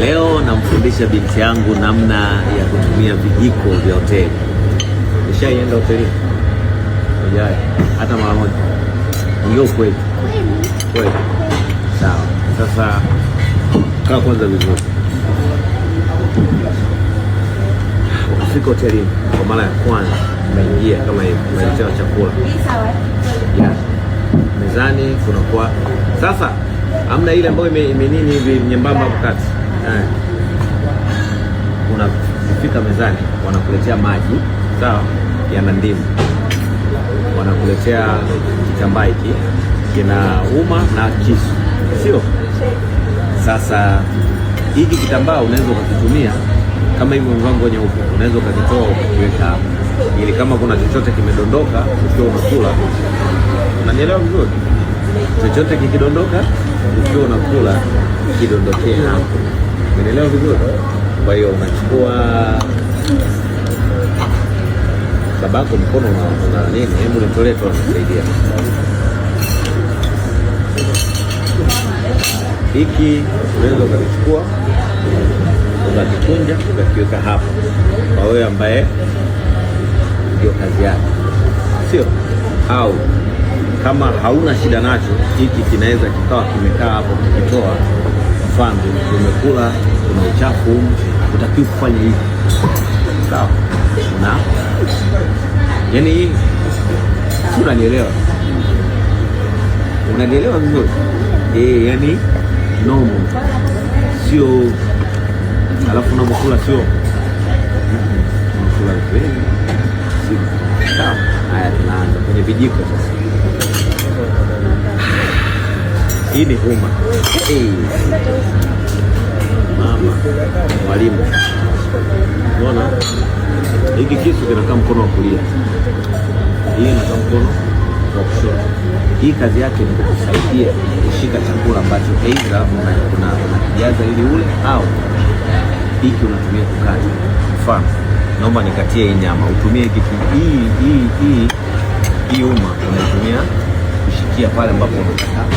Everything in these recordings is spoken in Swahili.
Leo namfundisha binti yangu namna ya kutumia vijiko vya hoteli. Nishaienda hoteli ujai hata mara moja, ndio kweli kweli. Sawa, sasa kaa kwanza vizuri. Ukifika hotelini kwa mara ya kwanza, unaingia kama hivi, unaletewa chakula Mezani kunakuwa sasa, amna ile ambayo imenini hivi nyembamba hapo kati eh, unafika mezani wanakuletea maji sawa, yana ndimu, wanakuletea kitambaa hiki kina uma na kisu, sio? Sasa hiki kitambaa unaweza ukakitumia kama hivi mvango nyeupe, unaweza ukakitoa ukakiweka hapo, ili kama kuna chochote kimedondoka ukiwa unakula, unanielewa vizuri? Chochote kikidondoka ukiwa unakula kidondokea hapo. Umeelewa vizuri? Eh? Kwa hiyo unachukua babako mkono una nini? Hebu nitolee tu nisaidie. Hiki unaweza ukakichukua ukakikunja ukakiweka hapo kwa wewe ambaye ndio kazi yake, sio au kama hauna shida nacho, hiki kinaweza kikawa kimekaa hapo kikitoa mfano umekula una uchafu, utakiwa kufanya hivi sawa, na yani unanielewa, unanielewa vizuri eh, yani nomo sio, alafu unamkula sio mkula, sawa. Haya, tunaanza kwenye vijiko sasa. hii ni huma hey. Mama mwalimu, unaona hiki kisu kinakaa mkono wa kulia, hii inakaa mkono wa kushoto. Hii kazi yake ni kukusaidia kushika chakula ambacho aidha unakijaza ili ule au hiki unatumia kukata. Mfano, naomba nikatie hii nyama, utumie hiki hii hii hii uma unatumia kushikia pale ambapo unataka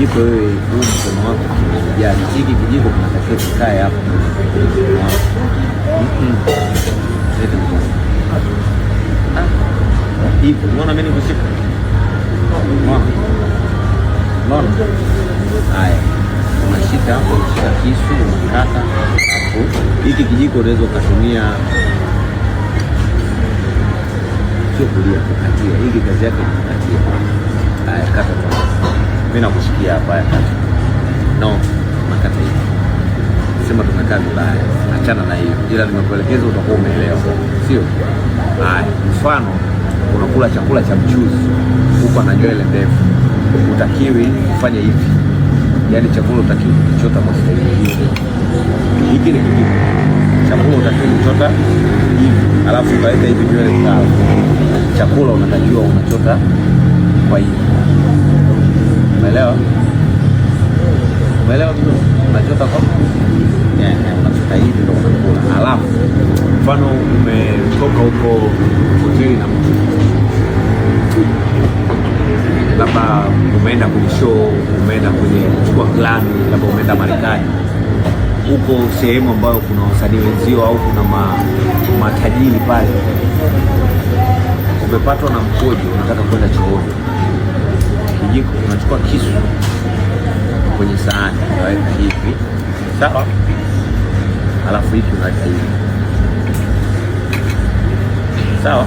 kijiko wewe, huu mkono wako kimejaa hiki kijiko, kinatakiwa kikae hapo mm-hmm. hivi. Unaona mimi nikushika? Unaona? Haya, unashika hapo, unashika kisu, unakata hapo. Hiki kijiko unaweza ukatumia sio kulia, kukatia. Hiki kazi yake ni kukatia. Haya, kata mimi nakusikia hapa ya kati no makata hivi sema tumekaa vibaya, achana na hiyo, ila nimekuelekeza utakuwa umeelewa, sio haya. Mfano, unakula chakula cha mchuzi huko na nywele ndefu, utakiwi kufanya hivi, yaani chakula utakiwi kukichota mafuta hivi, hiki ni kingine, chakula utakiwi kuchota hivi, alafu ukaweka hivi nywele sawa, chakula unatakiwa unachota kwa hivi Umeelewa? Umeelewa vizuri? Unachota kwa unachota hivi ndo unakula. Alafu mfano umetoka huko hoteli na mtu labda umeenda kwenye show, umeenda kwenye kuchukua klani, labda umeenda Marekani huko sehemu ambayo kuna wasanii wenzio au kuna ma, matajiri pale, umepatwa na mkojo, unataka kwenda chooni kijiko, unachukua kisu kwenye sahani unaweka hivi, sawa. Alafu hiki unaweka hivi, sawa.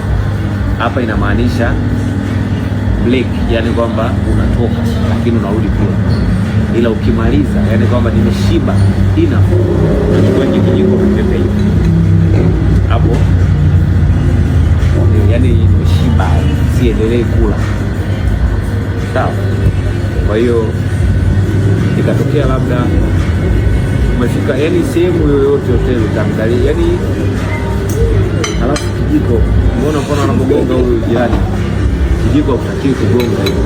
Hapa inamaanisha break, yani kwamba unatoka lakini unarudi kula, ila ukimaliza, yani kwamba nimeshiba, ina unachukua hiki kijiko vipepe hivi hapo, yani nimeshiba, siendelee kula staff. Kwa hiyo ikatokea labda umefika yani sehemu yoyote hoteli utaangalia yani, halafu kijiko, mbona mbona anakugonga huyu jirani? Kijiko hakutakiwi kugonga hiyo,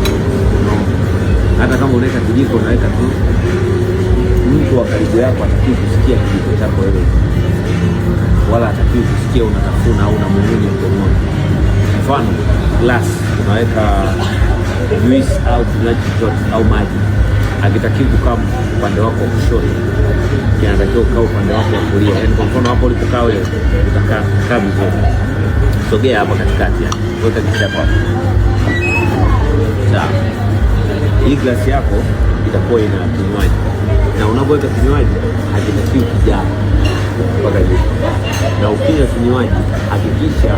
hata kama unaweka kijiko unaweka tu mtu wa karibu yako atakiwi kusikia kijiko chako wewe, wala atakiwi kusikia unatafuna au mtu mmoja. Mfano glass unaweka Luis au kinywaji chochote au maji akitakiwa kukaa upande wako wa kushoto, kinatakiwa ukaa upande wako wa kulia. Yani kwa mfano hapo ulipokaa wewe utakaa vizuri, sogea hapa katikati, weka kichapa Hii glasi yako itakuwa ina kinywaji, na unapoweka kinywaji hakitakiwi kijaa mpaka jiko. Na ukinywa kinywaji hakikisha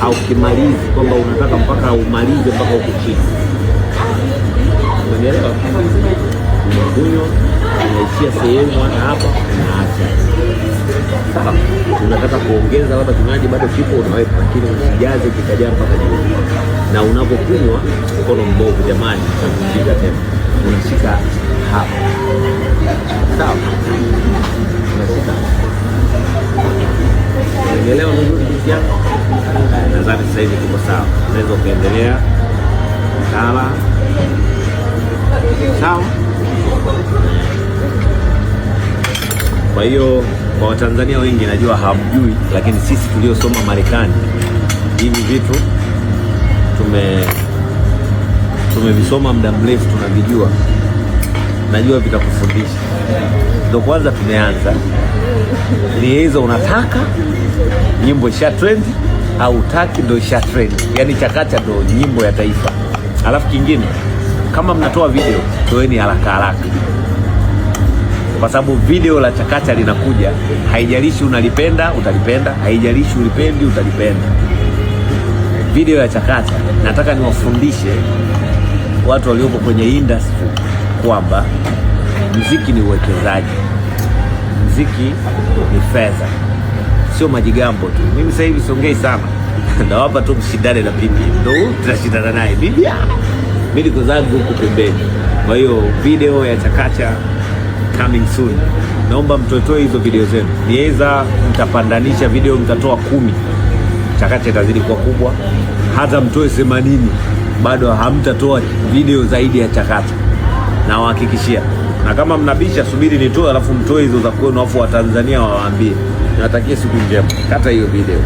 haukimalizi, kwamba unataka mpaka umalize mpaka huko chini, unaelewa? Unakunywa unaishia sehemu hata hapa, unaacha. Sasa unataka kuongeza labda kinywaji bado kipo, unaweka lakini usijaze kikajaa mpaka juu. Na unapokunywa mkono mbovu, jamani, unashika tena, unashika hapa, sawa Umeelewa vizuri yako? Nadhani sasa hivi tuko sawa, unaweza ukaendelea. Sawa sawa. Kwa hiyo kwa Watanzania wengi najua hamjui, lakini sisi tuliosoma Marekani hivi vitu tume tumevisoma muda mrefu, tunavijua najua vitakufundisha. Ndo kwanza tumeanza ni hizo unataka nyimbo isha trendi au utaki, ndo isha trend, yani chakacha ndo nyimbo ya taifa. Alafu kingine, kama mnatoa video toeni haraka haraka, kwa sababu video la chakacha linakuja. Haijalishi unalipenda utalipenda, haijalishi ulipendi utalipenda. Video ya chakacha nataka niwafundishe watu walioko kwenye industry kwamba mziki ni uwekezaji, mziki ni fedha, sio majigambo tu. Mimi sasa hivi siongei sana nawapa tu mshindane na bibi, ndo tunashindana naye bibi. Mi niko zangu huku pembeni. Kwa hiyo video ya chakacha coming soon, naomba mtotoe hizo video zenu, niweza mtapandanisha video, mtatoa kumi, chakacha itazidi kuwa kubwa. Hata mtoe themanini, bado hamtatoa video zaidi ya chakacha nawahakikishia. Na kama mnabisha, subiri nitoe, alafu mtoe hizo za kwenu, alafu Watanzania wawaambie. Natakia siku njema, kata hiyo video.